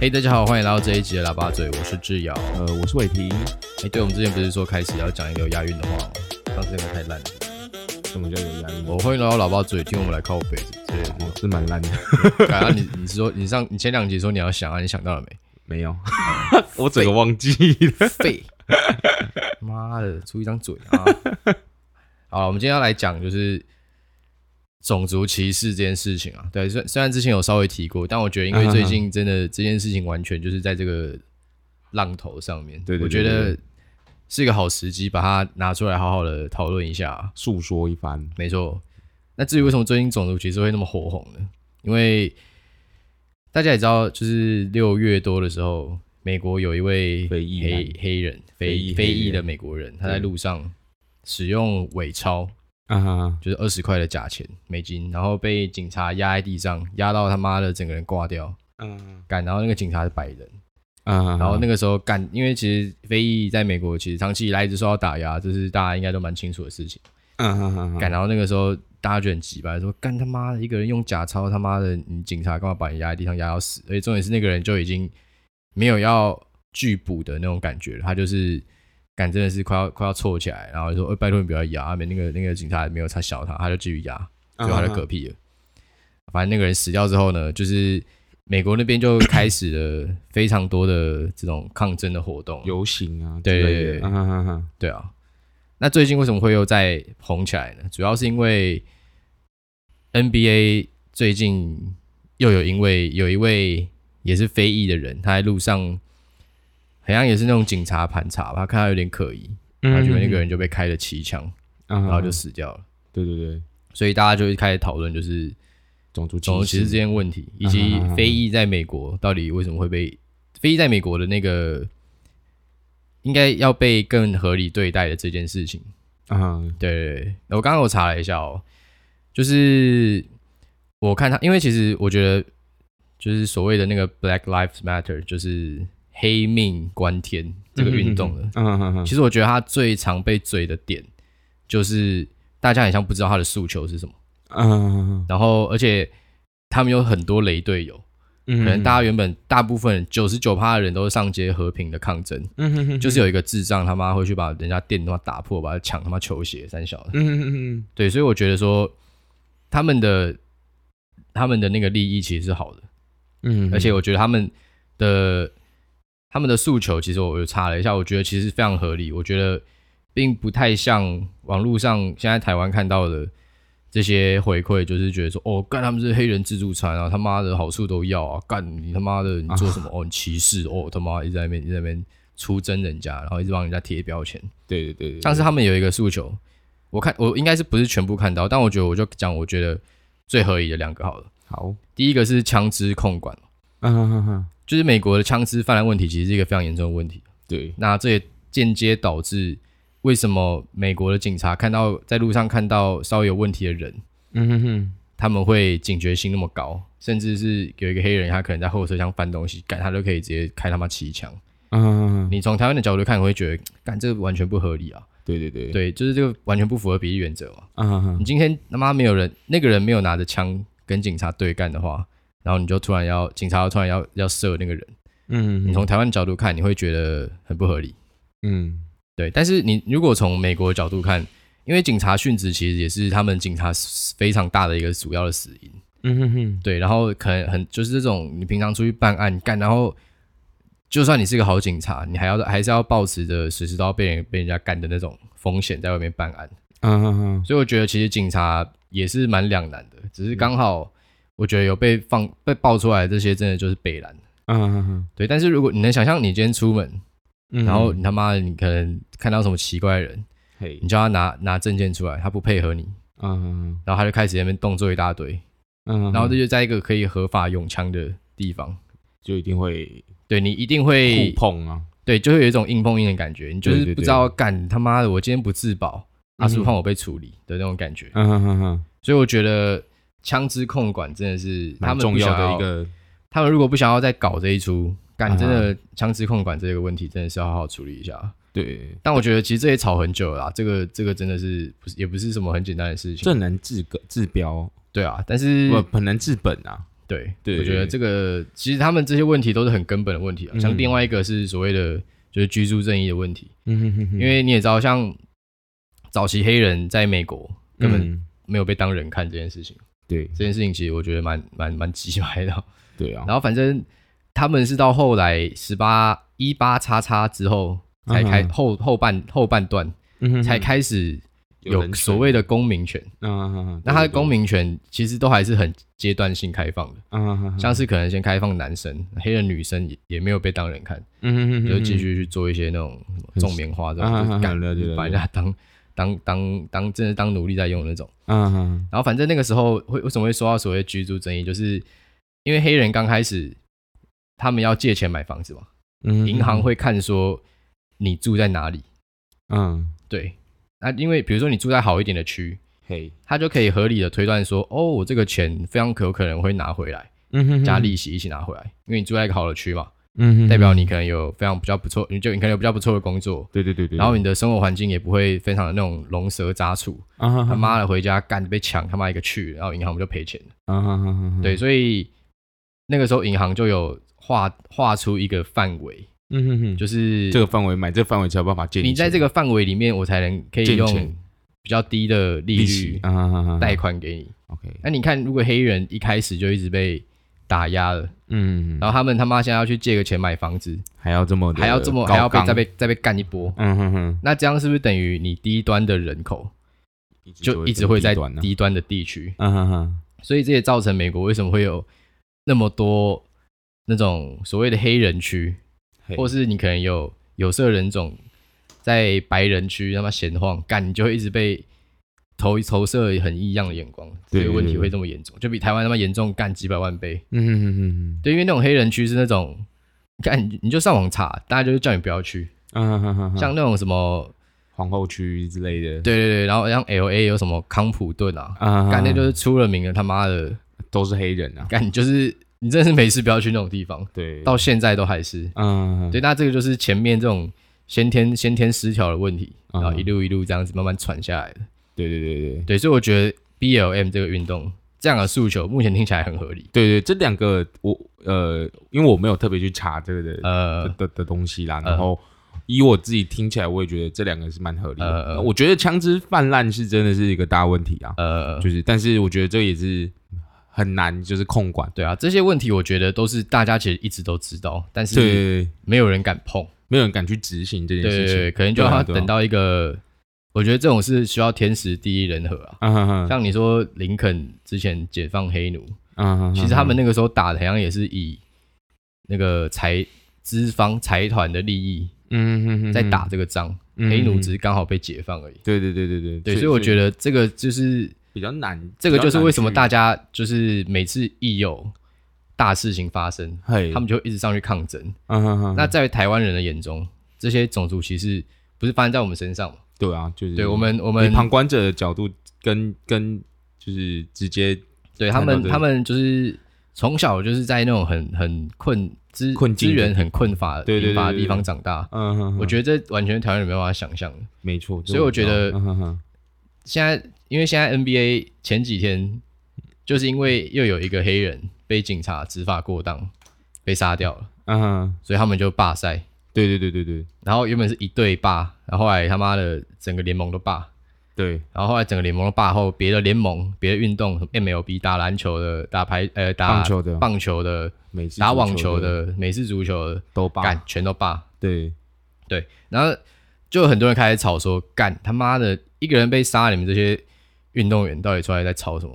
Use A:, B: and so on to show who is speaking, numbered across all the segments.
A: 嘿、hey,，大家好，歡迎來到這一集的喇叭嘴，我是致堯，呃，我是偉庭。哎、欸，對，我們之前不是說開始要講一個有押韻的話嗎？上次那個太爛了，什麼叫有押韻？我歡迎來到喇叭嘴，聽我們來靠北，這，是蠻爛的。剛剛、啊、你，你是說你上你前兩集說你要想啊，你想到了沒？沒有， 我嘴都忘記了。廢，媽的，出一張嘴啊！ 好我們今天要來講就是。種族歧視這件事情啊，對，雖雖然之前有稍微提過，但我覺得因為最近真的這件事情完全就是在這個浪頭上面，對、uh -huh.，我覺得是一個好時機，把它拿出來好好的討論一下、啊，訴說一番。沒錯。那至於為什麼最近種族歧視會那麼火紅呢？因為大家也知道，就是六月多的時候，美國有一位黑非裔人非非裔非裔黑裔人非非裔的美國人，他在路上使用偽鈔。啊、uh -huh.，就是二十塊的假錢，美金，然後被警察壓在地上，壓到他媽的整個人掛掉。嗯，幹，然後那個警察是白人。嗯、uh
B: -huh，-huh. 然後那
A: 個時候幹，因為其實非裔在美國其實長期以來一直受到打壓，這、就是大家應該都蠻清楚的事情。嗯
B: 哼哼。幹，
A: 然後那個時候大家就很急吧，說幹他媽的一個人用假鈔，他媽的你警察幹嘛把你壓在地上壓到死？所以重點是那個人就已經沒有要拒捕的那種感覺了，他就是。感真的是快要快要錯起來，然後就說：“欸、拜託你不要壓啊！”那個那個警察沒有差小他，他就繼續壓，最後他就嗝屁了。Uh -huh. 反正那個人死掉之後呢，就是美國那邊就開始了 非常多的這種抗爭的活動，遊行啊，對對對，uh、-huh -huh -huh. 對啊。那最近為什麼會又再紅起來呢？主要是因為 NBA 最近又有因為有一位也是非裔的人，他在路上。好像也是那種警察盤查吧，他看他有點可疑，他覺得那個人就被開了七槍，嗯嗯嗯嗯，然後就死掉了。Uh -huh. 對對對，所以大家就一開始討論，就是種族歧視這件問題，以及非裔在美國，uh -huh. 到底為什麼會被，uh -huh. 非裔在美國的那個應該要被更合理對待的這件事情。Uh -huh. 對對對，我剛剛我查了一下哦，就是我看他，因為其實我覺得，就是所謂的那個 Black Lives Matter，就是。黑命關天這個運動的，嗯嗯嗯，其實我覺得他最常被嘴的點，就是大家好像不知道他的訴求是什麼，嗯，然後而且他們有很多雷隊友，嗯，可能大家原本大部分九十九趴的人都是上街和平的抗爭，嗯哼哼，就是有一個智障他媽會去把人家店他媽打破，把他搶他媽球鞋三小。嗯，對，所以我覺得說他們的他們的那個立意其實是好的，嗯，而且我覺得他們的。他們的訴求，其實我就查了一下，我覺得其實非常合理。我覺得並不太像網絡上現在台灣看到的這些回饋，就是覺得說，哦，幹他們是黑人自助餐啊，他媽的好處都要啊，幹你他媽的你做什麼，啊，哦，你歧視哦，他媽一直在那邊一直在那邊出征人家，然後一直幫人家貼標籤。對對，對對對。像是他們有一個訴求，我看我應該是不是全部看到，但我覺得我就講，我覺得最合理的兩個好了。好，第一個是槍支控管。
B: 嗯哼哼哼。
A: 就是美國的槍支泛濫問題，其實是一個非常嚴重的問題。對，那這也間接導致為什麼美國的警察看到，在路上看到稍微有問題的人，嗯
B: 哼
A: 哼，他們會警覺性那麼高，甚至是有一個黑人，他可能在後車廂翻東西，幹他都可以直接開他媽七槍。嗯嗯嗯，你從台灣的角度看，你會覺得幹這個完全不合理啊？對對對，對，就是這個完全不符合比例原則啊呵呵。嗯嗯，你今天他媽沒有人，那個人沒有拿着槍跟警察對幹的話，然後你就突然要警察突然要要射那個人，嗯哼哼，你從台灣角度看，你會覺得很不合理，嗯，對。但是你如果從美國的角度看，因為警察殉職其實也是他們警察非常大的一個主要的死因，嗯
B: 哼哼，
A: 對。然後可能很就是這種你平常出去辦案幹，然後就算你是一個好警察，你還要還是要抱持著隨時都要被人被人家幹的那種風險在外面辦案，嗯哼
B: 哼。
A: 所以我覺得其實警察也是蠻兩難的，嗯、只是剛好。我覺得有被放被爆出來的這些，真的就是白爛，嗯、uh -huh -huh. 對。但是如果你能想象你今天出門，uh -huh. 然後你他媽的，你可能看到什麼奇怪的人，嘿、hey.，你叫他拿拿證件出來，他不配合你，嗯、uh -huh，-huh. 然後他就開始在那邊動作一大堆，嗯、uh -huh，-huh. 然後這就在一個可以合法用槍的地方，就一定會對你一定會碰、啊、對，就會有一種硬碰硬的感覺，你就是不知道幹、uh -huh. 他媽的，我今天不自保，他是不碰我被處理的那種感覺。
B: 嗯哼哼
A: 哼，所以我覺得。槍支控管真的是蠻重要的一個，他們如果不想要再搞這一出，但、啊、真的槍支控管這個問題真的是要好好處理一下。對，但我覺得其實這也吵很久了，這個這個真的是也不是什麼很簡單的事情，正能治個治標，
B: 對啊，但是我很難治本啊。對，對，對，對我覺得
A: 這個其實他們這些問題都是很根本的問題啊、嗯，像另外一個是所謂的就是居住正義的問題、嗯哼哼哼，因為你也知道，像早期黑人在美國根本沒有被當人看這件事情。對這件事情，其實我覺得蠻蠻蠻奇怪的。對啊，然後反正他們是到後來十八一八叉叉之後才開、uh -huh. 後後半後半段，才開始有所謂的公民權。嗯、uh -huh. uh -huh. 那他的公民權其實都還是很階段性開放的。嗯、uh -huh. 像是可能先開放男生，uh -huh. 黑人女生也也沒有被當人看。Uh -huh. 就繼續去做一些那種種棉花這樣，uh -huh. 就幹、uh -huh. 把人家當。當當當，真的當奴隸在用的那種，嗯哼。然後反正那個時候會為什麼會說到所謂居住正義，就是因為黑人剛開始他們要借錢買房子嘛，嗯，銀行會看說你住在哪裡，嗯、uh -huh.，對。那因為比如說你住在好一點的區，嘿、uh -huh.，他就可以合理的推斷說，hey. 哦，我這個錢非常可有可能會拿回來，嗯哼，加利息一起拿回來，因為你住在一個好的區嘛。嗯哼，代表你可能有非常比較不錯，你就你可能有比較不錯的工作，對對對對。然後你的生活環境也不會非常的那種龍蛇雜處，啊、哈哈他媽的回家幹被搶他媽一個去，然後銀行我們就賠錢了。啊、哈
B: 哈哈哈對，
A: 所以那個時候銀行就有劃劃出一個範圍，嗯哼哼，就是這個範圍買這個範圍才有辦法借。你在這個範圍裡面，我才能可以用比較低的利率啊貸款給你。啊、哈哈哈 OK，那、啊、你看如果黑人一開始就一直被。打壓了，嗯，然後他們他媽現在要去借個錢買房子，還要這麼還要這麼還要被再被再被幹一波，嗯哼哼，那這樣是不是等於你低端的人口就一直會在低端啊，嗯哼哼，在低端的地區，嗯哼哼，所以這也造成美國為什麼會有那麼多那種所謂的黑人區，或是你可能有有色人種在白人區他媽閒晃，幹你就會一直被。投投射很異樣的眼光，這個問題會這麼嚴重，就比台灣他媽嚴重幹幾百萬倍。嗯
B: 哼
A: 哼哼。對，因為那種黑人區是那種，幹你就上網查，大家就是叫你不要去。嗯哼哼哼。像那種什麼皇後區之類的，對對對，然後像 LA 有什麼康普頓啊，幹、嗯、那就是出了名的他的他媽的都是黑人啊，幹就是你真的是沒事不要去那種地方。對，到現在都還是。嗯哼哼，對，那這個就是前面這種先天先天失調的問題，然後一路一路這樣子慢慢傳下來的。對對對對，對所以我覺得 BLM 這個運動這樣的訴求，
B: 目前聽起來很合理。對對，對，這兩個我呃，因為我沒有特別去查這個的的、呃、的東西啦。然後以我自己聽起來，我也覺得這兩個是蠻合理的。呃、我覺得槍支泛濫是真的是一個大問題啊。呃，就是，但是我覺得這也是很難，就是控管。對啊，這些問題我覺得都是大家其實一直都知道，但是
A: 沒有人敢碰，沒有人敢去執行這件事情。對，可能就要等到一個。我覺得這種是需要天時地利人和啊，像你說林肯之前解放黑奴，其實他們那個時候打的好像也是以那個財資方財團的利益，在打這個仗，黑奴只是剛好被解放而已。
B: 對對對對對對，所以我覺得這個就是比較難，
A: 這個就是為什麼大家就是每次一有大事情發生，他們就一直上去抗爭。
B: 那在
A: 台灣人的眼中，這些種族歧視不是發生在我們身上嗎？對啊，就是對我們我們旁
B: 觀者的角度跟，跟跟就是直接對他們他
A: 們就是從小就是在那種很很困資資源很匱乏的地方長大，嗯、啊，我覺得這完全條件沒有辦法想象的，沒錯。所以我覺得現在、啊哈哈，因為現在 NBA 前幾天就是因為又有一個黑人被警察執法過當被殺掉了，嗯、啊，所以他們就罷賽。對對對對對，然後原本是一隊罷，然後，後來他媽的整個聯盟都罷，對，然後後來整個聯盟都罷，後別的聯盟、別的運動，什麼 MLB 打籃球的、打排呃打棒球的、棒球的、球的打網球的、美式足球的都罷，幹全都罷，對對，然後就很多人開始吵說，幹他媽的一個人被殺，你們這些運動員到底出來在吵什麼？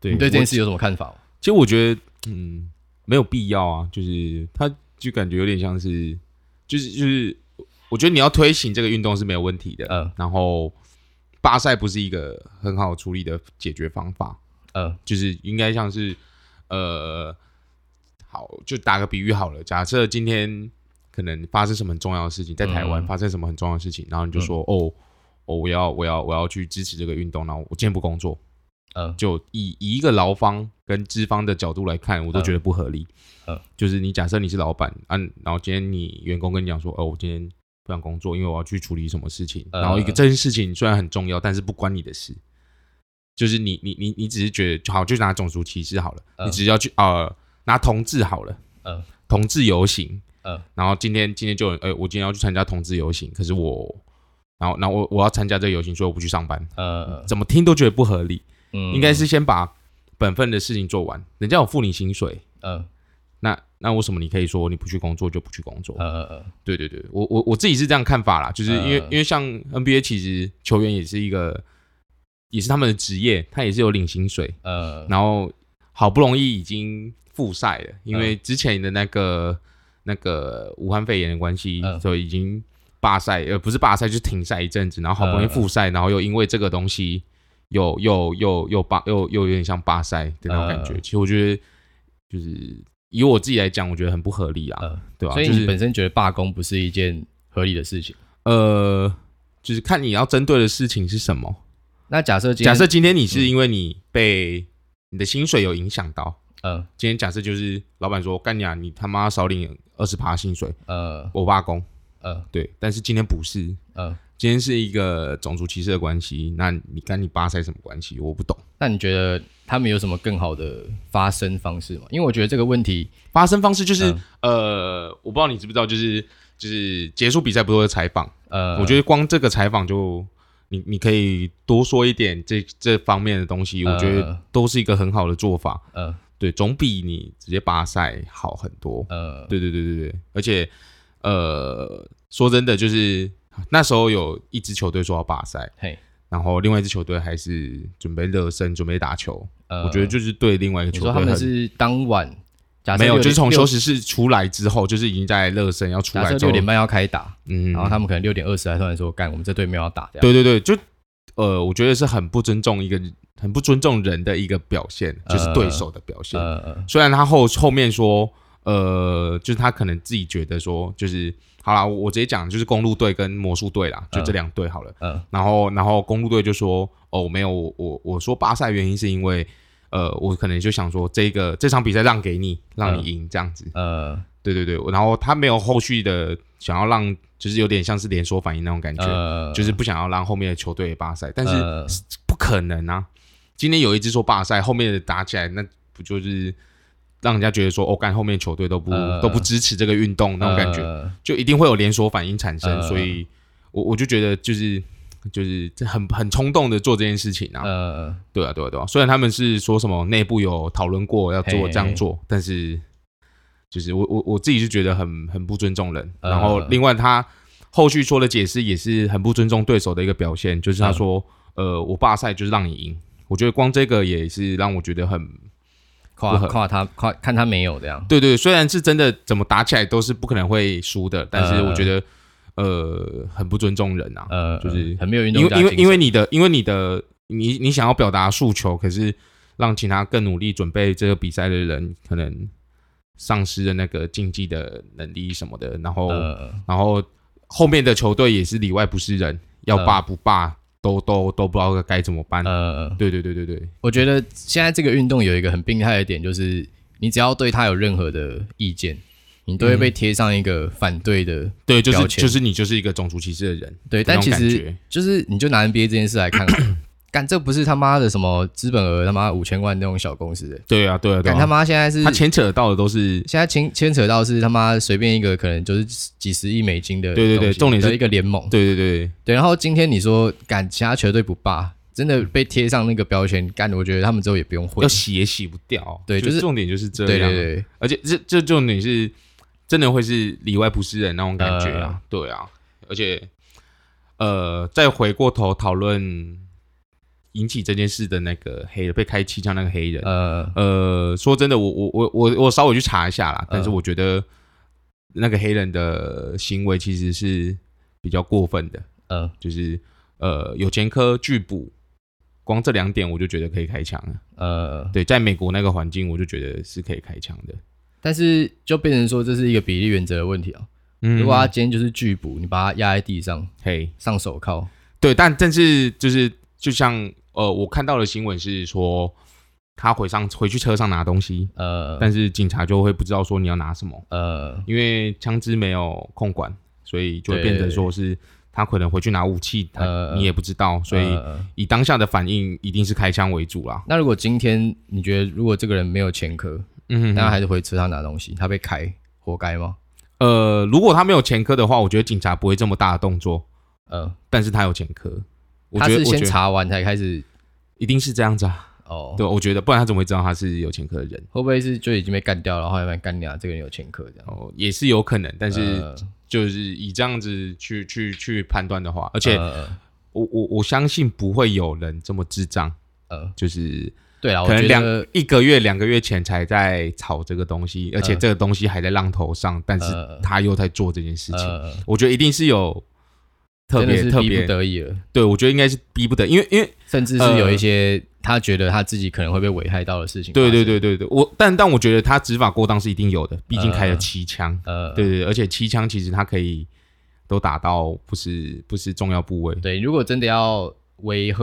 A: 對，你對這件事有什麼看法？
B: 其實我覺得，嗯，沒有必要啊，就是他。就感覺有點像是，就是就是，我覺得你要推行這個運動是沒有問題的。嗯、呃，然後罷賽不是一個很好處理的解決方法。嗯、呃，就是應該像是，呃，好，就打個比喻好了。假設今天可能發生什麼重要的事情，在台灣發生什麼很重要的事情，事情嗯、然後你就說：“嗯、哦，哦，我要我要我要我要去支持這個運動。”然後我今天不工作。嗯、uh,，就以一個勞方跟資方的角度來看，我都覺得不合理。嗯、uh, uh,，就是你假設你是老闆，嗯、啊，然後今天你員工跟你講說，哦、呃，我今天不想工作，因為我要去處理什麼事情。Uh, uh, uh, 然後一個這件事情雖然很重要，但是不關你的事。就是你你你你只是覺得，好，就拿種族歧視好了，uh, 你只是要去呃，拿同志好了，嗯、uh, uh,，同志遊行，嗯、uh, uh,，然後今天今天就，呃、欸，我今天要去參加同志遊行，可是我，然後那我我要參加這個遊行，所以我不去上班。嗯、uh, uh,，uh, 怎麼聽都覺得不合理。嗯，應該是先把本分的事情做完，人家有付你薪水，嗯、呃，那那為什麼你可以說你不去工作就不去工作？呃呃呃，對對對，我我我自己是這樣看法啦，就是因為、呃、因為像 NBA 其實球員也是一個，也是他們的職業，他也是有領薪水，嗯、呃，然後好不容易已經複賽了，因為之前的那個、呃、那個武漢肺炎的關係、呃，所以已經罷賽，呃，不是罷賽，就是停賽一陣子，然後好不容易複賽、呃，然後又因為這個東西。又又又又罷又又有點像罷賽的那種感覺、呃，其實我覺得就是以我自己來講，我覺得很不合理啦、啊呃，
A: 對吧？所以你本身覺得罷工不是一件合理的事情。
B: 呃，就是看你要針對的事情是什麼。那假設假設今天你是因為你被你的薪水有影響到，呃，今天假設就是老闆說幹你啊，你他媽少領二十趴薪水，呃，我罷工，呃，對，但是今天不是，呃。今天是一個種族歧視的關係，那你跟你罷賽什麼關係？我不懂。那你覺得他們有什
A: 麼更好的發聲方式嗎？因為我覺得這個問題
B: 發聲方式就是呃，呃，我不知道你知不知道，就是就是結束比賽不都會採訪，呃，我覺得光這個採訪就你你可以多說一點這這方面的東西，我覺得都是一個很好的做法。呃，對，總比你直接罷賽好很多。呃，對對對對對，而且，呃，說真的就是。那時候有一支球隊說要罷賽，嘿，然後另外一支球隊還是準備熱身，準備打球，呃。我覺得就是對另外一個球隊，他們是
A: 當晚，沒有，就是從休息
B: 室出來之後，就是已經在熱身，要出來六點半要開打，嗯，然後他們可能六點二十還突然說幹，我們這隊沒有要打，對對對，就呃，我覺得是很不尊重一個很不尊重人的一個表現，就是對手的表現。呃呃，雖然他後後面說，呃，就是他可能自己覺得說，就是。好啦，我直接講，就是公路隊跟魔術隊啦，就這兩隊好了。嗯、uh, uh,。然後，然後公路隊就說：“哦，沒有，我我說罷賽原因是因為，呃，我可能就想說這，這個這場比賽讓給你，讓你贏這樣子。”呃，對對對。然後他沒有後續的想要讓，就是有點像是連鎖反應那種感覺，uh, uh, 就是不想要讓後面的球隊也罷賽，但是不可能啊！今天有一支說罷賽，後面的打起來，那不就是？讓人家覺得說哦，幹，後面球隊都不、呃、都不支持這個運動那種感覺，呃，就一定會有連鎖反應產生。呃、所以我，我我就覺得就是就是很很衝動的做這件事情啊，呃。對啊對啊對啊。雖然他們是說什麼內部有討論過要做這樣做，嘿嘿，但是就是我我我自己是覺得很很不尊重人，呃。然後另外他後續說的解釋也是很不尊重對手的一個表現，就是他說呃、呃我罷賽就是讓你贏。我覺得光這個也是讓我覺得很。誇誇他，誇看他沒有這樣。對對，雖然是真的，怎麼打起來都是不可能會輸的，但是我覺得，呃，呃很不尊重人啊。呃、就是、呃、很沒有運動，因為因為因為你的因為你的你你想要表達訴求，可是讓其他更努力準備這個比賽的人，可能喪失了那個競技的能力什麼的。然後、呃、然後後面的球隊也是裡外不是人，要罷不罷。呃都都都不知道該怎麼辦。呃，對對對對對，我覺得現在這個運
A: 動有一個很病態的點，就是你只要對他有任何的意見，你都會被貼上一個反對的對標籤、嗯對就是，就
B: 是你就是一個種族歧視的人。對，但其實
A: 就是你就拿 NBA 這件事來看看。 幹，這不是他媽的什麼資本額他媽五千萬那種小公司的。對啊，對啊，對啊，幹他媽現在是，他牽扯到的都是現在牽牽扯到的是他媽隨便一個可能就是幾十億美金的。對對對，重點是一個聯盟。對對對對，對然後今天你說敢其他球隊不罷，真的被貼上那個標籤，幹，我覺得他們之後也不用混，要洗
B: 也洗不掉。對，就是重點就是這樣。對對，對而且這這重點是真的會是裡外不是人那種感覺啊！呃、對啊，而且呃，再回過頭討論。引起這件事的那個黑人被開七槍，那個黑人，呃，呃，說真的，我我我我我稍微去查一下啦，呃，但是我覺得那個黑人的行為其實是比較過分的，呃，就是呃，有前科拒捕，光這兩點我就覺得可以開槍了，呃，對，在美國那個環境，我就覺得是可以開槍的，
A: 但是就變成說這是一個比例原則的問題啊，嗯，如果他今
B: 天就是拒捕，你把他壓在地上，嘿，上手銬，對，但但是就是就像。呃，我看到的新聞是說，他回上回去車上拿東西，呃，但是警察就會不知道說你要拿什麼，呃，因為槍支沒有控管，所以就會變成說是他可能回去拿武器，呃，你也不知道，所以以當下的反應一定是開槍為主啦。
A: 那如果今天你覺得如果這個人沒有前科，嗯，那他還是回車上拿東西，他被開，活該嗎？
B: 呃，如果他沒有前科的話，我覺得警察不會這麼大的動作，呃，但是他有前科。他是先查完才開始，一定是這樣子啊？哦、oh,，對，我覺得，不然他怎麼會知道他是有前科的人？會不會是就已經被幹掉了，然後要不然幹掉這個人有前科的？哦，也是有可能，但是就是以這樣子去、呃、去去判斷的話，而且、呃、我我我相信不會有人這麼智障，呃，就是對啊，可能兩一個月兩個月前才在炒這個東西，而且這個東西還在浪頭上，呃、但是他又在做這件事情，呃、我覺得一定是有。
A: 特別是逼不得
B: 已了，對，我覺得應該是逼不得，因為因為甚至是有一些、呃、他覺得他自己可能會被危害到的事情。對對對對對，我但但我覺得他執法過當是一定有的，畢竟開了七槍。呃，對，對對，而且七槍其實他可以都打到不是，不是重要部位。對，如果真的要威嚇，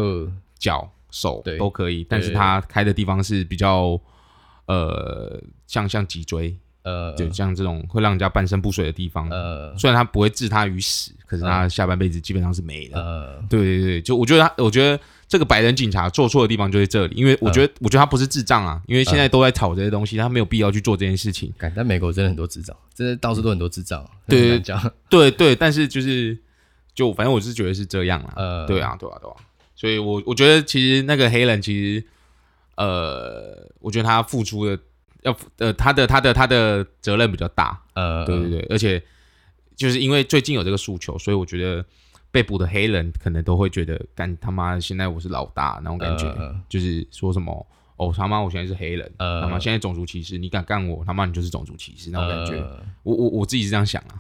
B: 腳手都可以，但是他開的地方是比較呃像，像脊椎。呃，就像這種會讓人家半身不遂的地方，呃，雖然他不會置他於死，可是他下半輩子基本上是沒了。呃，對對對，就我覺得他，我覺得這個白人警察做錯的地方就是這裡，因為我覺得，呃，我覺得他不是智障啊，因為現在都在吵這些東西，他沒有必要去做這件事情。呃，但美國真的很多智障，真的到處都很多智障。對對對，對對對，但是就是就反正我是覺得是這樣了。呃，對啊，對啊，對啊，對啊，所以我我覺得其實那個黑人其實，呃，我覺得他付出的。要呃，他的他的他的責任比較大，呃，對對對，而且就是因為最近有這個訴求，所以我覺得被捕的黑人可能都會覺得幹他媽現在我是老大那種感覺、呃，就是說什麼哦他媽我現在是黑人，呃、他媽現在種族歧視，你敢幹我他媽你就是種族歧視那種感覺，呃、我我我自己是這樣想啊，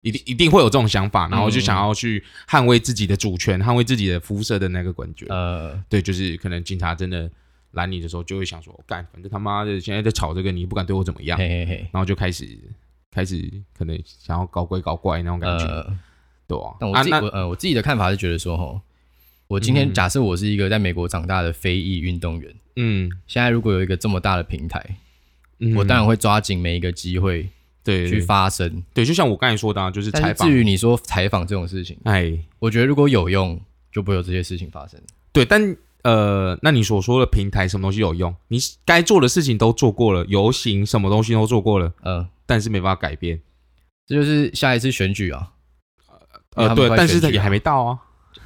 B: 一定一定會有這種想法，然後就想要去捍衛自己的主權，嗯、捍衛自己的膚色的那個感覺，呃，對，就是可能警察真的。攔你的時候就會想說，幹反正他媽的現在在吵這個，你不敢對我怎麼樣，嘿嘿嘿然後就開始開始可能想要搞鬼搞怪那種感覺、呃，對啊。但我自己、啊、我呃我自己的看法是覺得說哈，
A: 我今天假設我是一個在美國長大的非裔運動員，嗯，現在如果有一個這麼大的平台，嗯、我當然會抓緊每一個機會對去發聲，
B: 對，就像我剛才說的、啊，就是採訪。至於你說採訪這種事情，哎，我覺得如果有用就不會有這些事情發生，對，但。呃，那你所說的平台什麼東西有用？你該做的事情都做過了，遊行什麼東西都做過了，呃，但是沒辦法改變，這就是下一次選舉啊。呃，對，但是也還沒到啊，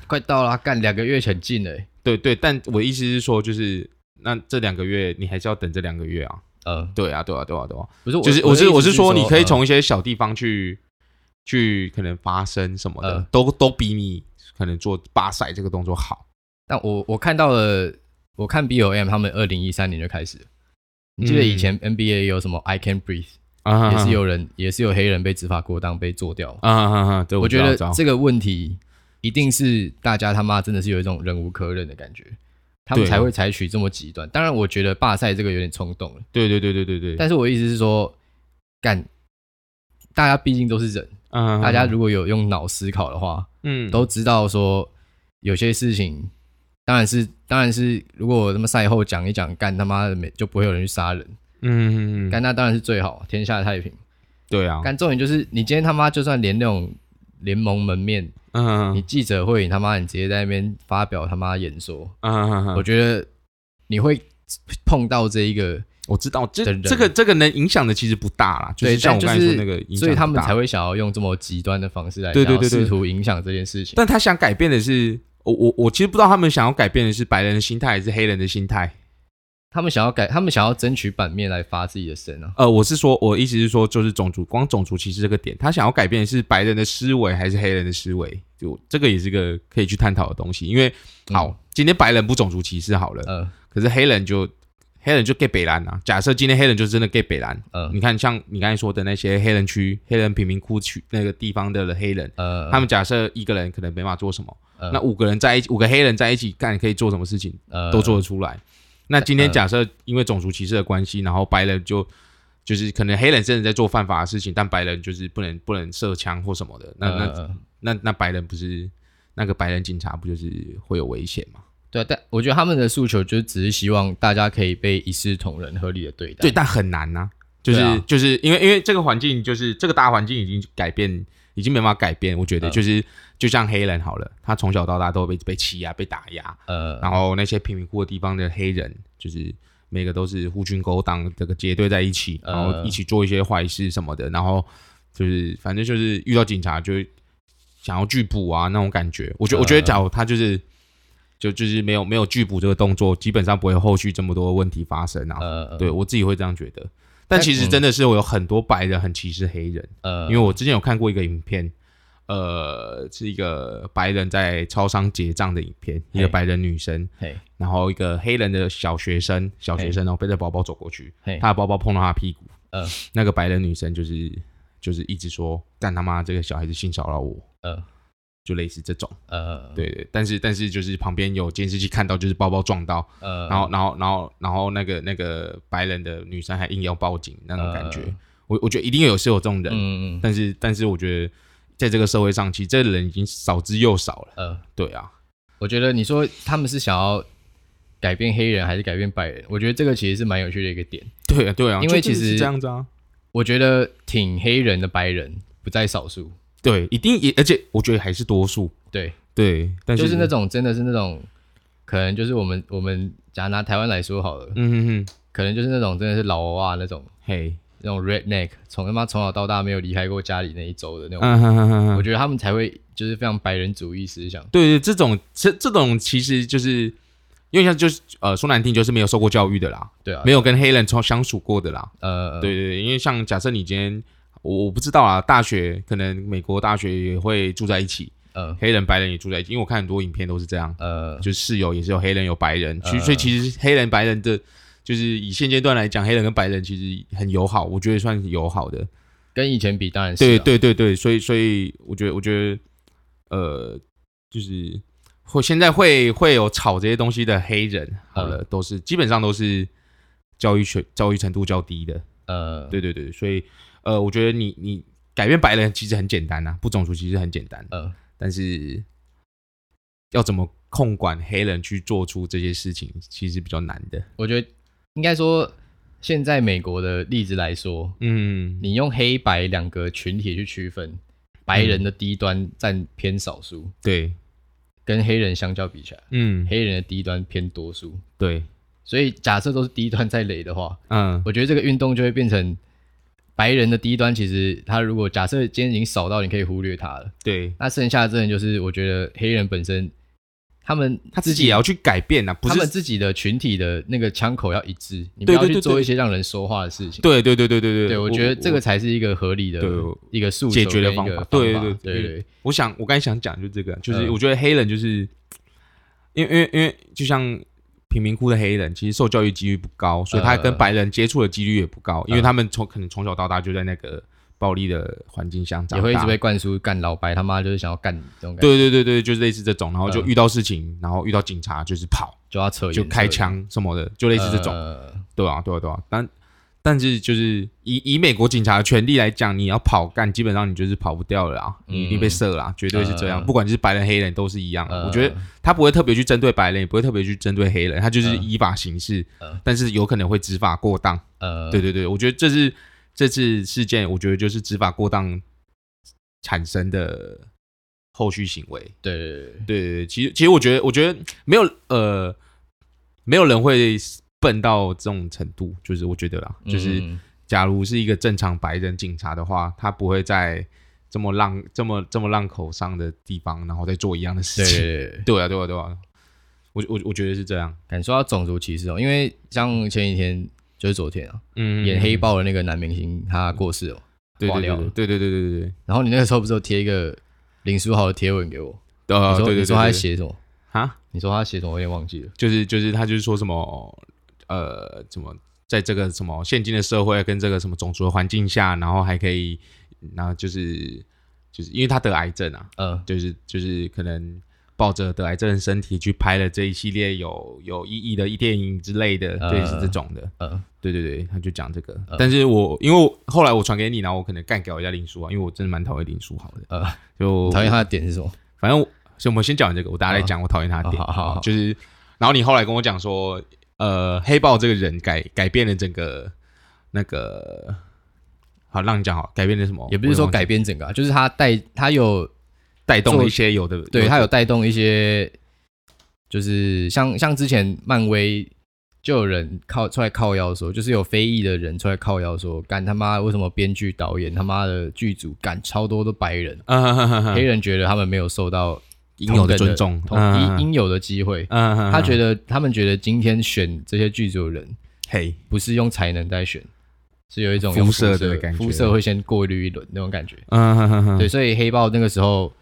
B: 快到了，幹兩個月很近了。對，對對，但我意思是說，就是那這兩個月你還是要等這兩個月啊。呃，對啊，對啊，對啊，對啊，對啊，不是，就是我是我是說，你可以從一些小地方去、呃、去可能發生什麼的，都、呃、都比你可能做罷賽
A: 這個動作好。但我我看到了，我看 BLM 他們二零一三年就開始。你記得以前 N B A 有什麼 I can't breathe 啊、嗯，也是有人、啊哈哈，也是有黑人被執法過當被做掉啊哈哈。我覺得這個問題一定是大家他媽真的是有一種忍無可忍的感覺，他們才會採取這麼極端。啊、當然，我覺得罷賽這個有點衝動了。對對對對對對。但是我意思是說，幹，大家畢竟都是人，啊、哈哈大家如果有用腦思考的話，嗯，都知道說有些事情。當然是，當然是，如果這麼賽後講一講，幹他媽的沒就不會有人去殺人。嗯，幹、嗯、那當然是最好，天下太平。對啊，幹重點就是你今天他媽就算連那種聯盟門面，嗯、uh -huh.，你記者會他媽你直接在那邊發表他媽演說，嗯嗯嗯，我覺得你會碰到這一個的，我知道這這個這個能影響的其實不大了，對，但就是像我剛才說那個影響不大，所以他們才會
B: 想要用這麼極端的方式來試圖
A: 影響這件事情。但他想
B: 改變的是。我我我其實不知道他們想要改變的是白人的心態還是黑人的心態，他們想要改，他們想要爭取版面來發自己的聲啊。呃，我是說，我意思是說，就是種族光種族歧視這個點，他想要改變的是白人的思維還是黑人的思維，就這個也是個可以去探討的東西。因為好、嗯，今天白人不種族歧視好了，呃，可是黑人就。黑人就該被攔啊！假設今天黑人就真的該被攔，呃，你看像你剛才說的那些黑人區、嗯、黑人貧民窟區那個地方的黑人，呃，他們假設一個人可能沒辦法做什麼，呃，那五個人在一起，五個黑人在一起幹可以做什麼事情，呃，都做得出來。呃、那今天假設因為種族歧視的關係，然後白人就就是可能黑人真的在做犯法的事情，但白人就是不能不能射槍或什麼的，那那、呃、那那白人不是那個白人警察不就是會有危險嗎？對，但我覺得他們的訴求就是只是希望大家可以被一視同仁、合理的對待。對，但很難吶、
A: 啊，就是、
B: 啊、就是因為因為這個環境，就是這個大環境已經改變，已經沒辦法改變。我覺得就是、呃、就像黑人好了，他從小到大都被被欺壓、被打壓。呃，然後那些貧民窟的地方的黑人，就是每個都是狐群狗黨，這個結隊在一起、呃，然後一起做一些壞事什麼的，然後就是反正就是遇到警察就想要拒捕啊那種感覺。我覺、呃、我覺得，假如他就是。就就是沒有沒有拒捕這個動作，基本上不會有後續這麼多問題發生啊。呃，對我自己會這樣覺得，呃，但其實真的是我有很多白人很歧視黑人。呃，因為我之前有看過一個影片，呃，是一個白人在超商結賬的影片，一個白人女生，然後一個黑人的小學生，小學生哦背着包包走過去，他的包包碰到他屁股，那個白人女生就是就是一直說，幹他媽這個小孩子性騷擾我，呃就類似這種，呃，對對，但是但是就是旁邊有監視器看到，就是包包撞到，呃，然後然後然後然後那個那個白人的女生還硬要報警那種感覺，呃，我我覺得一定有是有這種人，嗯嗯，但是但是我覺得在這個社會上，其實這人已經少之又少了，呃，對啊，
A: 我覺得你說他們是想要改變黑人還是改變白人，我覺得這個其實是蠻有趣的一個點，對啊對啊，因為其實這樣子啊，我覺得挺黑人的白人
B: 不在少數。對，一定也，而且我覺得還是多數。對對，但是就是那種
A: 真的是那種，可能就是我們我們假拿台灣來說好了，嗯嗯，可能就是那種真的是老歐啊那種黑那種 redneck，從他媽從小到大沒有離開過家裡那一周的那種，嗯、哼哼哼哼，我覺得他們才會就是非常白人主義思想。
B: 對對，這種這這種其實就是因為像就是呃說難聽就是沒有受過教育的啦，對啊，沒有跟黑人從相處過的啦，呃、嗯、對、嗯、對，因為像假設你今天。我我不知道啊，大學可能美國大學也會住在一起，呃，黑人白人也住在一起，因為我看很多影片都是這樣，呃，就是、室友也是有黑人有白人，呃、其所以其實黑人白人的就是以現階段來講，黑人跟白人其實很友好，我覺得算是友好的，跟以前比當然是、啊、對對對，所以所以我覺得我覺得呃，就是會現在會會有吵這些東西的黑人，呃都是基本上都是教育學教育程度較低的，呃，對對對，所以。呃，我覺得你你改變白人其實很簡單啊，不種族其實很簡單，呃，但是要怎麼控管黑人去做出這些事情，其實比較難的。我覺
A: 得應該說，現在美國的例子來說，嗯，你用黑白兩個群體去區分，嗯，白人的低端佔偏少數，對，跟黑人相較比起來，嗯，黑人的低端偏多數，對，所以假設都是低端在累的話，嗯，我覺得這個運動就會變成。白人的低端，其實他如果假設今天已經少到你可以忽略他了，對，那剩下的真的就是我覺得黑人本身，他們自他自己也要去改變吶、啊，不是他們自己的群體的那個槍口要一致，對對對對對，你不要去做一些讓人說話的事情，對對對對對對，我覺得這個才
B: 是一個合理的、一個訴求解決的方法，對對對對。我想我剛才想講就是這個，就是我覺得黑人就是，嗯、因為因為因為就像。貧民窟的黑人其實受教育幾率不高，所以他跟白人接觸的幾率也不高，呃、因為他們從可能從小到大就在那個暴力的環境下長大，也會一直被灌輸幹老白他媽就是想要幹你，對對對對，就是類似這種，然後就遇到事情，呃、然後遇到警察就是跑，就要扯，就開槍什麼的，就類似這種，呃、對啊對啊對啊，但。但是，就是以以美國警察的權力來講，你要跑幹，基本上你就是跑不掉了啊！你、嗯、被射了，絕對是這樣。呃、不管是白人、黑人，都是一樣、呃。我覺得他不會特別去針對白人，也不會特別去針對黑人，他就是依法行事、呃。但是有可能會執法過當、呃。對對對，我覺得這是這次事件，我覺得就是執法過當產生的後續行為。對對對，對，對，對，對，其實其實我覺得，我覺得沒有呃，沒有人會笨到這種程度，就是我覺得啦，就是假如是一個正常白人警察的話，他不會在這麼浪，這麼這麼浪口上的地方，然後再做一樣的事情。對對，對，對，對，啊，對啊，對啊，對啊，我我我覺得是這樣。感受到種族歧視哦、喔，因為像前幾天
A: 就是昨天啊、喔嗯嗯嗯，演黑豹的那個男明星他過世哦、喔，化療對對對對對對。然後你那個時候不是有貼一個林書豪的貼文給我？啊、對，對，對對對，說他寫什麼？
B: 哈、啊？你說他寫什麼？我也忘記了。就是就是他就是說什麼？呃，怎麼在這個什麼現今的社會跟這個什麼種族的環境下，然後還可以，然後就是就是因為他得癌症啊，呃，就是就是可能抱着得癌症的身體去拍了這一系列有有意義的一電影之類的、呃，對，是這種的，呃，對對對，他就講這個、呃。但是我因為我後來我傳給你，然後我可能幹掉一下林叔啊，因為我真的蠻討厭林叔，好的，呃，就討厭他的點是什麼？反正，所以我們先講完這個，我大家來講、呃、我討厭他的點。呃哦、好，好，就是，然後你後來跟我講說。呃，黑豹這個人改改變了整個那個，好，讓你講好，改變了什麼？也不是說改變
A: 整個，就是他帶他有帶動一些有的，對他有帶動一些，就是像像之前漫威就有人靠出來靠腰說，就是有非裔的人出來靠腰說，幹他媽為什麼編劇導演他媽的劇組幹超多的白人，啊哈哈哈哈，黑人覺得他們沒有受到。應有的，的應有的尊重，應、嗯、應有的機會。嗯、他覺得、嗯，他們覺得今天選這些劇組的人，嘿，不是用才能在選，是有一種膚色，色的感覺，膚色會先過濾一輪那種感覺。
B: 嗯、對、嗯，
A: 所以黑豹那個時候，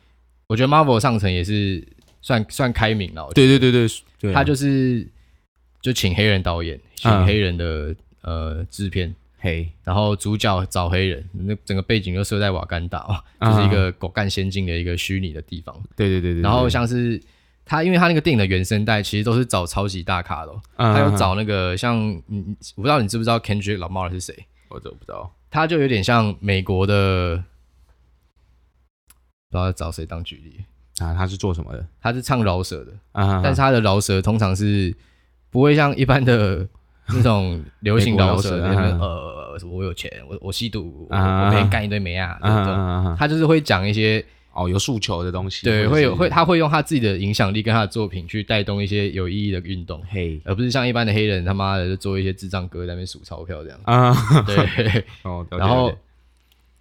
A: 我覺得 Marvel 上層也是算算開明
B: 了。對對對對，對啊、他就
A: 是就請黑人導演，請黑人的、嗯、呃製片。黑、hey,，然後主角找黑人，那整個背景又設在瓦干達、喔 uh -huh. 就是一個狗干先進的一個虛擬的地方。對對對對。然後像是他，因為他那個電影的原聲帶其實都是找超級大咖的、喔，uh -huh. 他有找那個像、嗯，我不知道你知不知道 Kendrick Lamar 是誰？我、uh、都 -huh. 不知道。他就有點像美國的，不知道找誰當舉例啊？Uh -huh. 他是做什麼的？他是唱饒舌的啊，uh -huh. 但是他的饒舌通常是不會像一般的。這種流行歌手，啊，呃，我有錢，我我吸毒，我可以，啊，幹一堆美亞，對不對？啊啊啊啊
B: 啊，他就是會講一些哦有訴求的東西，對，會有會，
A: 他會用他自己的影響力跟他的作品去帶動一些有意義的運動，嘿，而不是像一般的黑人他媽的就做一些智障歌在那邊數鈔票這
B: 樣啊，對啊， 哦，對，然後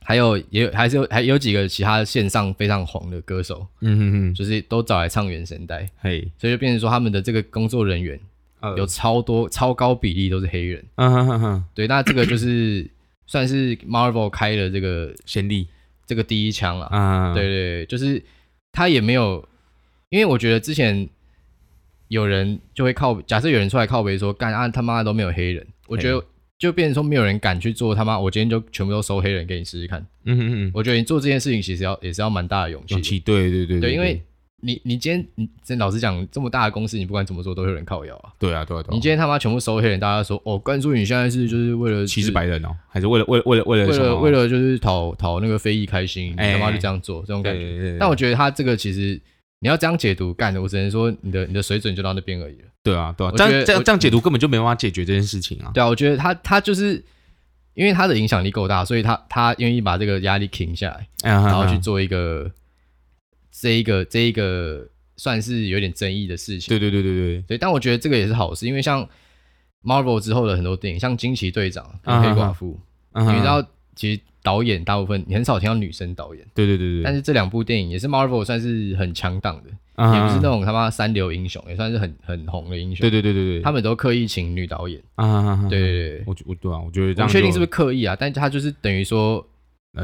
A: 還有也有還是有還有幾個其他線上非常紅的歌手，嗯嗯嗯，就是都找來唱原聲帶，所以就變成說他們的這個工作人員。Uh, 有超多超高比例都是黑人，嗯
B: 哼哼
A: 對，那這個就是算是 Marvel 開的這個先例，這個第一槍了，嗯、uh, uh,，uh, 對,對對，就是他也沒有，因為我覺得之前有人就會靠，假設有人出來靠北說，幹啊他媽、啊、都沒有黑人，我覺得就變成說沒有人敢去做他媽、啊，我今天就全部都收黑人給你試試看，嗯嗯嗯，我覺得你做這件事情其實要也是要蠻大的勇氣，勇氣，對對對對，對，對，因為。你你今天你真老實講，這麼大的公司，你不管怎麼做都有人靠腰啊,啊。對啊，對啊。你今天他媽全部收黑人，大家說哦，關注你現在是就是為了歧視白人哦，還是為了為為了為了為了為了就是討討那個非裔開心，你他媽就這樣做、欸、這種感覺對對對對。但我覺得他這個其實你要這樣解讀，幹的我只能說你的你的水準就到那邊而已了。對啊，對啊。對啊這樣這樣這樣解讀根本就沒辦法解決這件事情啊。對啊，我覺得他他就是因為他的影響力夠大，所以他他願意把這個壓力扛下
B: 來，然後去
A: 做一個。啊呵呵這一個，這一個算是有點爭議的事情。對對對對對，對但我覺得這個也是好事，因為像 Marvel 之後的很多電影，像驚奇隊長、uh -huh. 黑寡婦，uh -huh. 你知道，uh -huh. 其實導演大部分你很少聽到女生導
B: 演。對對對對。但是
A: 這兩部電影也是 Marvel 算是很強檔的，uh -huh. 也不是那種他媽三流英雄，也算是很很紅的英雄。對對對對對。他們都刻意請女導演啊！Uh
B: -huh. 對、uh -huh. 對，我我對啊，我覺得這樣。你確定是不是刻意啊？但是他就是等於說，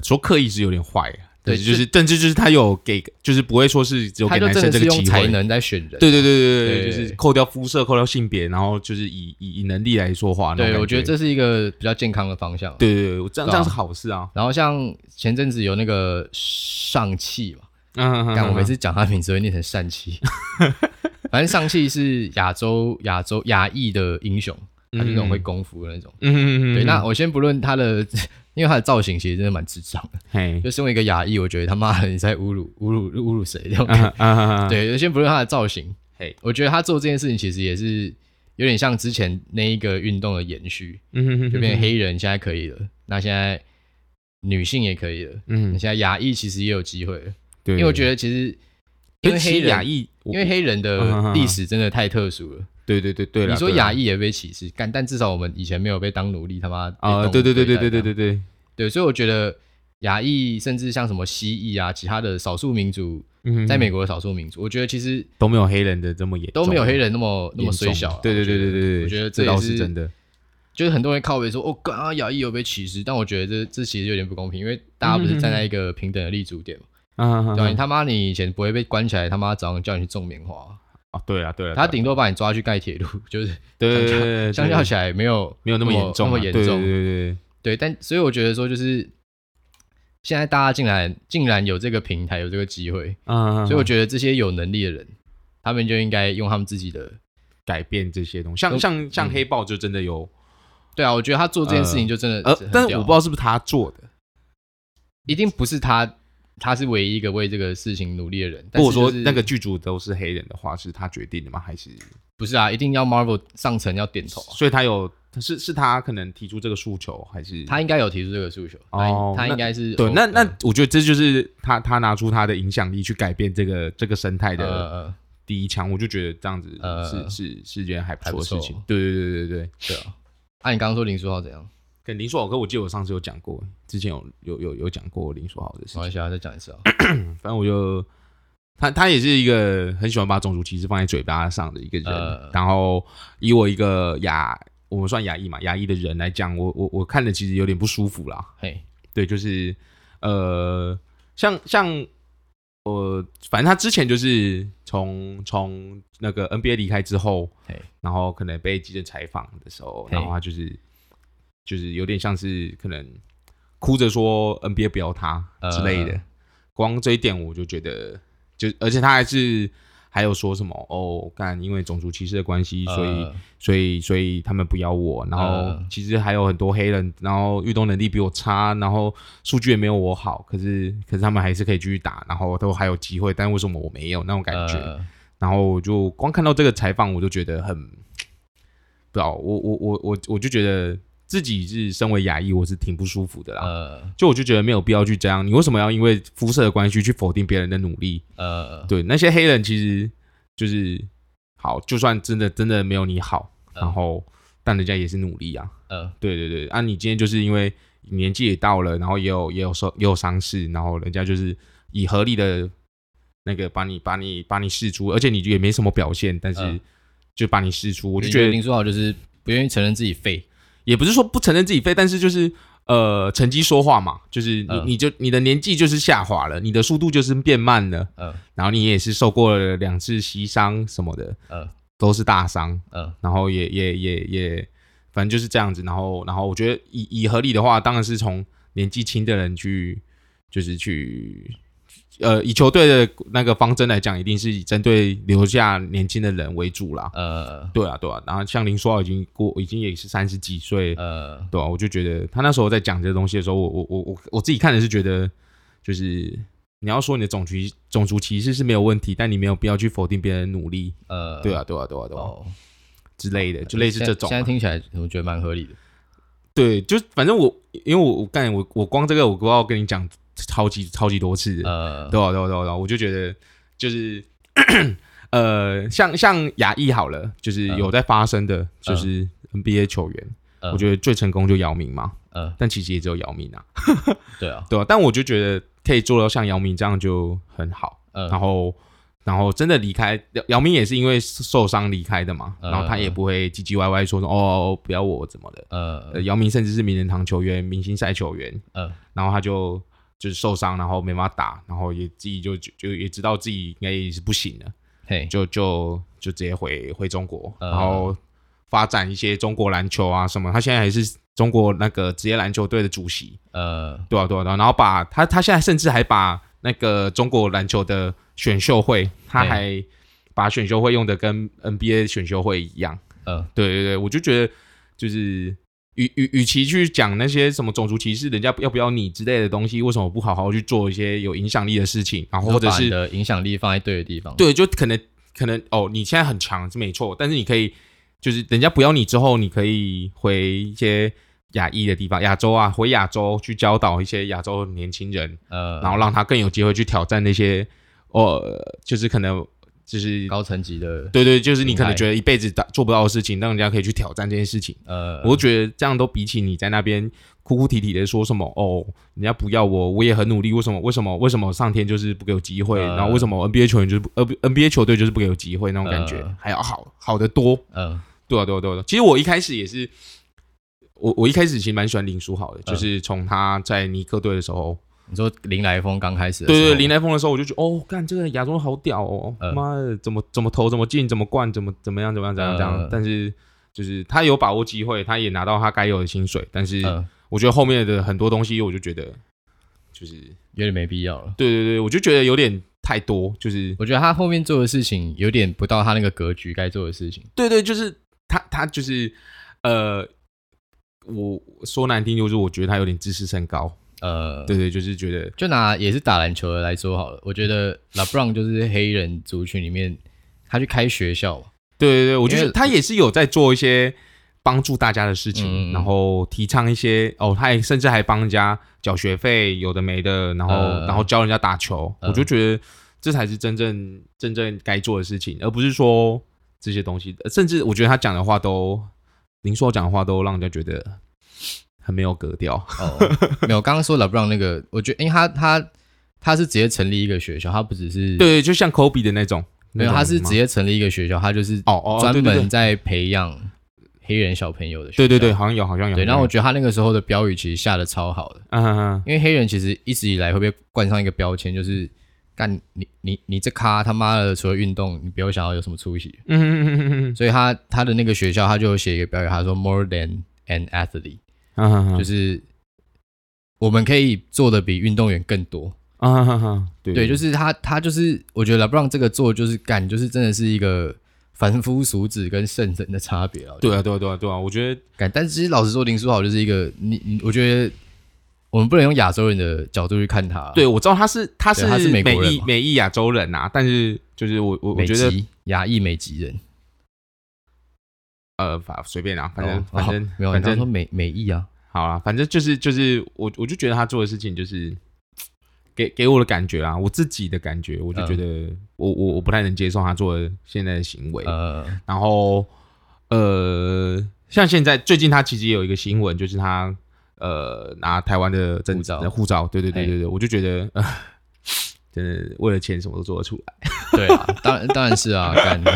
B: 說刻意是有點壞、啊對、就是，就是，政治，是就是他有給，就是不會說是只有給男生這個機會，他真的是用才能在選人。對對對對對，對對對就是扣掉膚色，扣掉性別，然後就是以以能力來說話。對，我覺得這
A: 是一個比較健康的方向。對對，對，這，樣對、啊、這樣是好
B: 事啊。然後像前陣子有那個
A: 上氣嘛，但、啊、我每次講他名字會念成善氣，」 反正上氣是亞洲亞洲亞裔的英雄，他就是那種會功夫的那種。
B: 嗯嗯。對，那我
A: 先不論他的。嗯嗯嗯 因為他的造型其實真的蠻智障的，嘿就是為一個亞裔，我覺得他媽的你在侮辱侮辱侮辱誰、啊啊啊？對，先不論他的造型，嘿我覺得他做這件事情其實也是有點像之前那一個運動的延續，嗯嗯、就變成黑人現在可以了，那現在女性也可以了，嗯，現在亞裔其實也有機會了對，因為我覺得其實跟黑人亞裔，因為黑人的歷史真的太特殊了。啊啊啊對對對對，對你說亞裔也被歧視，但至少我們以前沒有被當奴隸，他媽啊、哦！對對對對對對對對對，所以我覺得亞裔甚至像什麼西裔啊，其他的少數民族，在美國的少數民族、嗯哼哼，我覺得其實都沒有黑人的這麼嚴，都沒有黑人那麼那麼衰小。對對對對對，我覺得這，這倒是真的。就是很多人靠北說，我、哦、靠，亞裔有被歧視，但我覺得這這其實有點不公平，因為大家不是站在一個平等的立足點嘛。啊、嗯，你他媽你以前不會被關起來，他媽早上叫你去種棉花。哦、啊，對啊，對啊，他頂多把你抓去蓋鐵路，就是對，相較起來沒有沒有那麼嚴重、啊，那麼嚴重，對對對對，對，但所以我覺得說，就是現在大家竟然竟然有這個平台，有這個機會，啊、嗯，所以我覺得這些有能力的人，他們就應該用他們自己的改變這些東西，像像像黑豹就真的有、嗯，對啊，我覺得他做這件事情就真的呃，呃，但是我不知道是不是他做的，一定不是他。他是唯一一個為這個事情努力的人。但是就是、如果說那個劇組都是黑人的話，是他決定的嗎？還是不是啊？一定要 Marvel 上層要點頭，所以他有，是是，他可能提出這個訴求，還是他應該有提出這個訴求。哦，他應該是，他應該是、對、哦、對。那、嗯、那
B: 我覺得這就是他他拿出他的影響力去改變這個這個生態的第一槍。我就覺得這樣子是、呃、是是件還不錯的事情。
A: 對對對對對對、哦。 啊，你剛剛說林書
B: 豪怎樣？跟林書豪，哥，我記得我上次有講過，之前有有有講過林書豪的事情，好意思再講一次啊、喔。 反正我就他他也是一個很喜歡把種族歧視放在嘴巴上的一個人。呃、然後以我一個亞，我算亞裔嘛，亞裔的人來講，我我我看了其實有點不舒服啦。嘿，對，就是呃，像像我、呃，反正他之前就是從從那個 NBA 離開之後，然後可能被記者採訪的時候，然後他就是。就是有點像是可能哭着說 NBA 不要他之類的，光這一點我就覺得，就而且他還是還有說什麼哦，幹因為種族歧視的關係，所以所以所以他們不要我，然後其實還有很多黑人，然後運動能力比我差，然後數據也沒有我好，可是可是他們還是可以繼續打，然後都還有機會，但為什麼我沒有那種感覺？然後我就光看到這個採訪，我就覺得很不知道，我我我我我就覺得。自己是身為亞裔，我是挺不舒服的啦、呃。就我就覺得沒有必要去這樣。你為什麼要因為膚色的關係去否定別人的努力？呃，對，那些黑人其實就是好，就算真的真的沒有你好，呃、然後但人家也是努力啊。呃，對對對，啊，你今天就是因為年紀也到了，然後也有也有傷也有傷勢，然後人家就是以合理的那個把你把你把你釋出，而且你就也沒什麼表現，但是就把你釋出、呃，我就覺得林書豪就是不願意承認自己廢。也不是說不承認自己廢，但是就是呃，成績說話嘛，就是你，uh. 你就你的年紀就是下滑了，你的速度就是變慢了，uh. 然後你也是受過了兩次膝傷什麼的，uh. 都是大傷，uh. 然後也也也也，反正就是這樣子，然後然後我覺得以以合理的話，當然是從年紀輕的人去，就是去。呃，以球隊的那個方針來講，一定是以針對留下年輕的人為主啦。呃，對啊，對啊。然後像林書豪已經過，已經也是三十幾歲。呃，對啊，我就覺得他那時候在講這些東西的時候，我我我我自己看的是覺得，就是你要說你的種族種族歧視是沒有問題，但你沒有必要去否定別人的努力。呃，對啊，對啊，對啊，對啊、哦，之類的，就類似這種嘛。現在聽起來我覺得蠻合理的。對，就反正我，因為我我剛我我光這個，我不知道跟你講。超級超級多次，uh, 對吧、啊？對吧、啊？對吧、啊啊？我就覺得，就是， 呃，像像亞裔好了，就是有在發生的，就是 NBA 球員，uh, uh, 我覺得最成功就姚明嘛。Uh, 但其實也只有姚明啊。 對啊，對啊，但我就覺得可以做到像姚明這樣就很好。Uh, 然後然後真的離開姚姚明也是因為受傷離開的嘛。Uh, uh, 然後他也不會唧唧歪歪說，說哦不要我，我怎麼的。Uh, uh, 呃，姚明甚至是名人堂球員、明星賽球員。Uh, 然後他就。就是受傷，然後沒辦法打，然後也自己就就也知道自己應該也是不行了，hey. 就就就直接回回中國，uh. 然後發展一些中國籃球啊什麼。他現在還是中國那個職業籃球隊的主席，呃、uh.，啊、對啊對啊，然後把他他現在甚至還把那個中國籃球的選秀會，他還把選秀會用的跟 NBA 選秀會一樣，呃、uh.，對對對，我就覺得就是。與與與其去講那些什麼種族歧視，人家要不要你之類的東西，為什麼不好好去做一些有影響力的事情？然後或者是把你
A: 的影響力放在對的地方。對，
B: 就可能可能哦，你現在很強是沒錯，但是你可以就是人家不要你之後，你可以回一些亞裔的地方，亞洲啊，回亞洲去教導一些亞洲年輕人，呃，然後讓他更有機會去挑戰那些，嗯，哦，就是可能。就是高層級的，對對，就是你可能覺得一輩子打做不到的事情，讓人家可以去挑戰這件事情。呃，我覺得這樣都比起你在那邊哭哭啼啼的說什麼“哦，人家不要我，我也很努力，為什麼為什麼為什麼上天就是不給我機會，呃，然後為什麼 NBA 球員就是不 NBA 球隊就是不給我機會，那種感覺，呃、還要好好得多。嗯、呃，對啊，對啊，啊、對啊，其實我一開始也是，我我一開始其實蠻喜歡林書豪的，就是從他在尼克隊的時候。你說林來瘋剛開始對對，林來瘋的時候，對對時候我就覺得哦，幹這個亞洲好屌哦，呃、媽的怎麼怎麼投怎麼進怎麼灌怎麼怎麼樣怎麼樣怎麼樣、呃、樣？但是就是他有把握機會，他也拿到他該有的薪水。但是我覺得後面的很多東西，我就覺得就是有點沒必要了。對對對，我就覺得有點太多。就是我覺得他後面做的事情有點不到他那個格局該做的事情。對對，就是他他就是呃，我說難聽就是我覺得他有點自視甚高。呃，對對，就是覺得，就拿也是打籃球的來說好了。我覺得拉布
A: 朗就是黑人族群裡面，他去開學
B: 校。對對對，我覺得他也是有在做一些幫助大家的事情，嗯、然後提倡一些哦，他也甚至還幫人家繳學費，有的沒的，然後、呃、然後教人家打球。呃。我就覺得這才是真正真正該做的事情，而不是說這些東西。呃、甚至我覺得他講的話都，您說講的話都讓人家覺得。很沒有格調。Oh，沒有，剛剛說 LeBron 那個， 我覺得，因為他他
A: 他，他是直接成立一個學校，他不只是對，就像 Kobe 的那種，沒有，他是直接成立一個學校，他就是哦哦，專門在培養黑人小朋友的學校 oh, oh, oh, 對對對。對對對，對，好像有，好像有。對，然後我覺得他那個時候的標語其實下的超好的，uh-huh-huh. 因為黑人其實一直以來會被冠上一個標籤，就是幹你你你這咖他媽的，除了運動，你不要想要有什麼出息。嗯嗯嗯
B: 嗯嗯。所
A: 以他他的那個學校，他就寫一個標語，他說 More than an athlete。 就是我們可以做的比運動員更多
B: 啊！ 對 對，就
A: 是他，他就是我覺得 LeBron 這個做就是感，就是真的是一個凡夫俗子跟聖人的差別對啊，對啊，對啊，對啊！我覺得感，但是其實老實說，林書豪就是一個你，我覺得我們不能用亞洲人的角度去看他。對，我知道他是他是他是美國人，美裔
B: 美裔亞洲人吶、啊，但是就是我我美籍我覺得亞裔美籍人。呃，隨便啦，反正、哦哦、反正、哦、反正剛剛沒沒意義啊。好啦，反正就是就是我我就覺得他做的事情就是給給我的感覺啦，我自己的感覺，我就覺得我、呃、我我不太能接受他做的現在的行為。呃、然後呃，像現在最近他其實也有一個新聞、嗯，就是他呃拿台灣的證照、護照，對對對對對，欸、我就覺得呃。真的為了錢什麼都做得出來， 對啊，當當然是啊，感 的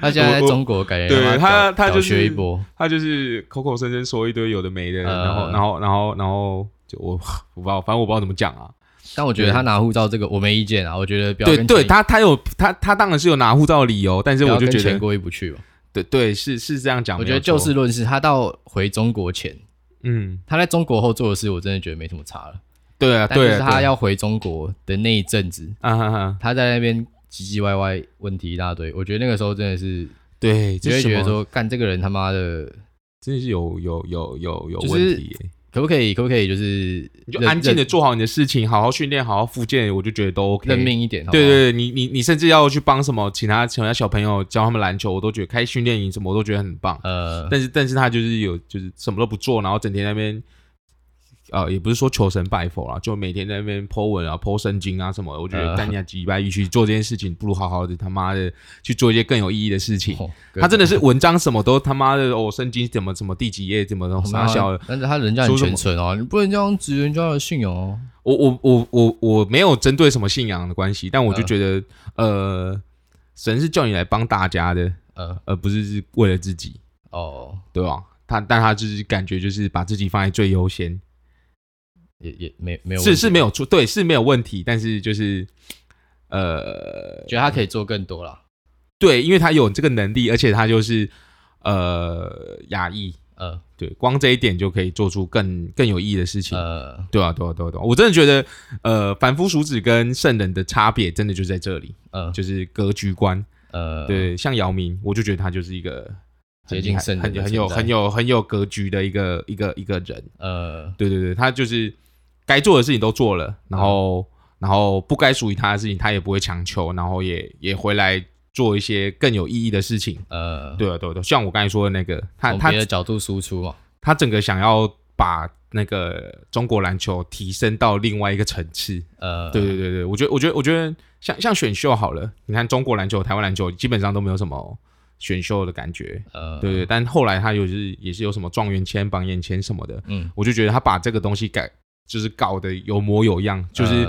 B: 他現在在中國感覺對他他，他就學一波，他就是口口聲聲說一堆有的沒的，呃、然後然後然後然後，然後就我我不知道反正我不知道怎麼講啊。但我覺得他拿護照這個我沒意見啊，我覺得比較。對對他他有他他當然是有拿護照的理由，但是我就覺得過
A: 意不去吧。對對，是是這樣講。我覺得就事
B: 論事，他到回中國前，嗯，
A: 他在中國後做的事，我真的覺得沒什麼差了。對啊，對啊，但是他要回中國的那一陣子，啊哈哈、啊啊，他在那邊唧唧歪歪，問題一大堆，啊。我覺得那個時候
B: 真的是，對，就覺得說幹這個人他媽的真的是有有有有有問題，就是。可不可以？可不可以？就是你就安靜的做好你的事情，好好訓練，好好復健，我就覺得都 OK。認命一點好不好？對對對，你你你甚至要去幫什麼，其他其他小朋友教他們籃球，我都覺得開訓練營什麼，我都覺得很棒。呃，但是但是他就是有就是什麼都不做，然後整天那邊。呃，也不是說求神拜佛啦，就每天在那邊 Po 文啊，嗯、Po 聖經啊什麼的。我覺得幹你幾百億去做這件事情，不如好好的他媽的去做一些更有意義的事情。哦、他真的是文章什麼都他媽的，哦，聖經怎麼怎麼第幾頁怎麼都傻笑。但是他人家很虔誠哦，你不能這樣指人家的信仰哦。我我我我我沒有針對什麼信仰的關係，但我就覺得呃，呃，神是叫你來幫大家的，呃，而不是是為了自己哦，對吧？他但他就是感覺就是把自己放在最優先。也也沒沒有是是沒有出，對是沒有問題，但是就是呃，覺得他可以做更多了，對，因為他有這個能力，而且他就是呃亞裔呃，對，光這一點就可以做出更更有意義的事情，呃，對啊，對啊，對啊，對啊，我真的覺得呃，凡夫俗子跟聖人的差別真的就在這裡，呃，就是格局觀，呃，對，像姚明，我就覺得他就是一個接近聖人很很，很有很有很有格局的一個一個一個人，呃，對對對，他就是。該做的事情都做了，然後、嗯、然後不該屬於他的事情他也不會強求，然後也也回來做一些更有意義的事情。呃，對啊、對啊、對啊，像我剛才說的那個，他他的角度輸出哦，他整個想要把那個中國籃球提升到另外一個層次。呃，對對對對，我覺得我覺得我覺得像像選秀好了，你看中國籃球、台灣籃球基本上都沒有什麼選秀的感覺。呃，對對，但後來他又是也是有什麼狀元簽、榜眼簽什麼的，嗯，我就覺得他把這個東西改。就是搞得有模有樣，就是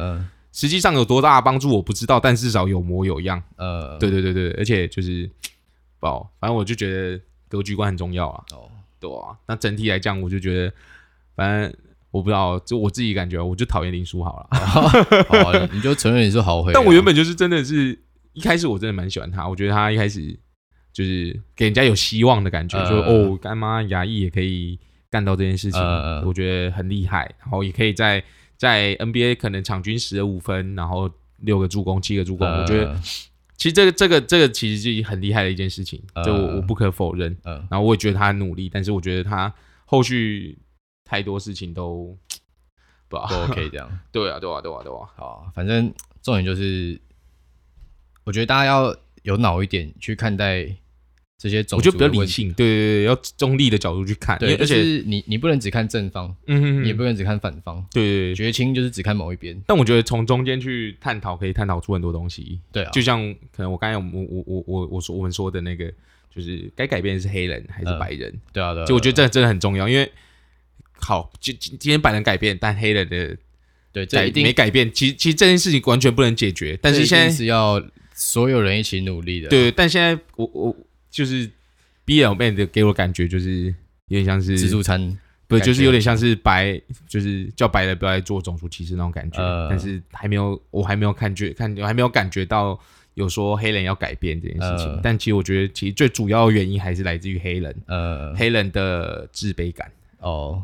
B: 實際上有多大的幫助我不知道，但至少有模有樣。呃，對對對對，而且就是不好，反正我就覺得格局觀很重要啊。哦，對啊。那整體來講，我就覺得，反正我不知道，就我自己感覺，我就討厭林書豪了。哦，哦 好、啊，你就承
A: 認你是好黑、啊。但我
B: 原本就是真的是一開始我真的蠻喜歡他，我覺得他一開始就是給人家有希望的感覺，呃、說哦，乾媽牙醫也可以。幹到這件事情，呃呃我覺得很厲害。然後也可以在在 NBA 可能場均十五分，然後六個助攻、七個助攻、呃，我覺得其實這個這個這個其實是很厲害的一件事情。呃、就我我不可否認、呃。然後我也覺得他很努力，但是我覺得他後續太多事情都、嗯、不不 OK、可以這樣 對啊，對啊，對啊，對啊，對啊。好，
A: 反正重點就是，我覺得大家要有腦一點去看
B: 待。這些我覺得比較理性，對對對，要中立的角度去看，對而且、就是、你你不能只看正方，嗯，哼嗯，你也不
A: 能只看反方，
B: 對，對，對，覺青就是只看某一邊。但我覺得從中間去探討，可以探討出很多東西，對啊，就像可能我剛才我我我我我說我們說的那個，就是該改變的是黑人還是白人，呃、對啊對啊，就、啊、我覺得這真的很重要，因為好，今今天白人改變，但黑人的改對這一定沒改變，其實其實這件事情完全不能解決，但是現在是要所有人一起努力的，對，但現在我我。就是 BLM 給我的感覺就是有點像是自助餐不，不就是有點像是白，就是叫白人不要來做種族歧視那種感覺，呃，但是還沒有，我還沒有看覺，看，我還沒有感覺到有說黑人要改變這件事情。呃、但其實我覺得，其實最主要原因還是來自於黑人，呃，黑人的自卑感。哦，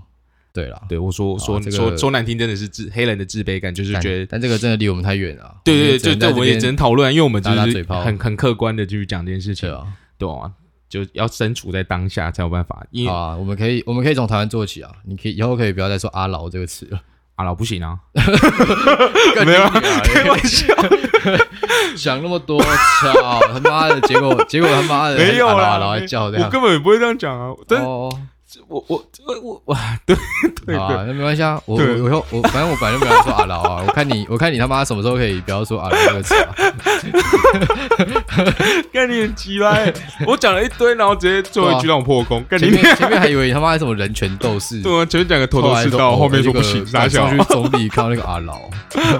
B: 對了，對我說說、這個、說說難聽，真的是自黑人的自卑感，就是覺得，但,但這個真
A: 的離我們太遠了，啊。對對對，這我們就只這就就就我也只能討論，因為我們就是嘴很
B: 很客觀的，就是講這件事情啊。對啊，就要身處在當下才有辦法。因為啊，我們可以，我們可以從台灣做
A: 起啊！你可以以後可以不要再說“阿勞”這個詞了，“阿勞”不行啊，
B: 沒啊。沒有，開玩笑，
A: 想那麼多，操他媽的！結果，結果他媽的，沒有了，還阿老愛叫這樣。我根
B: 本不會這樣講啊，對我我我我哇、啊啊！對對對，那沒關係啊。我
A: 我說我反正我反正不要說阿勞啊 我。我看你我看你他媽什麼時候可以不要說阿勞這個詞啊？
B: 趕緊起來！我講了一堆，然後直接最後一句讓
A: 我破功。啊、前面前面還以為他媽什麼人權鬥士，
B: 對啊，前面講
A: 個頭頭是道，後、哦、這個、後面就不行，拿 上去
B: 總理看到那個阿勞。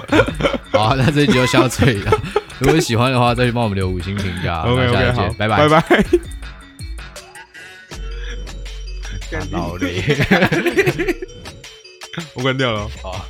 A: 好、啊，那這一集就先到這裡。 如果喜歡的話，再去幫我們留五星評價。我、okay, 們、okay, 下期見，okay, bye bye 拜拜拜拜。老、啊、嘞，
B: 我關掉了。好、oh.。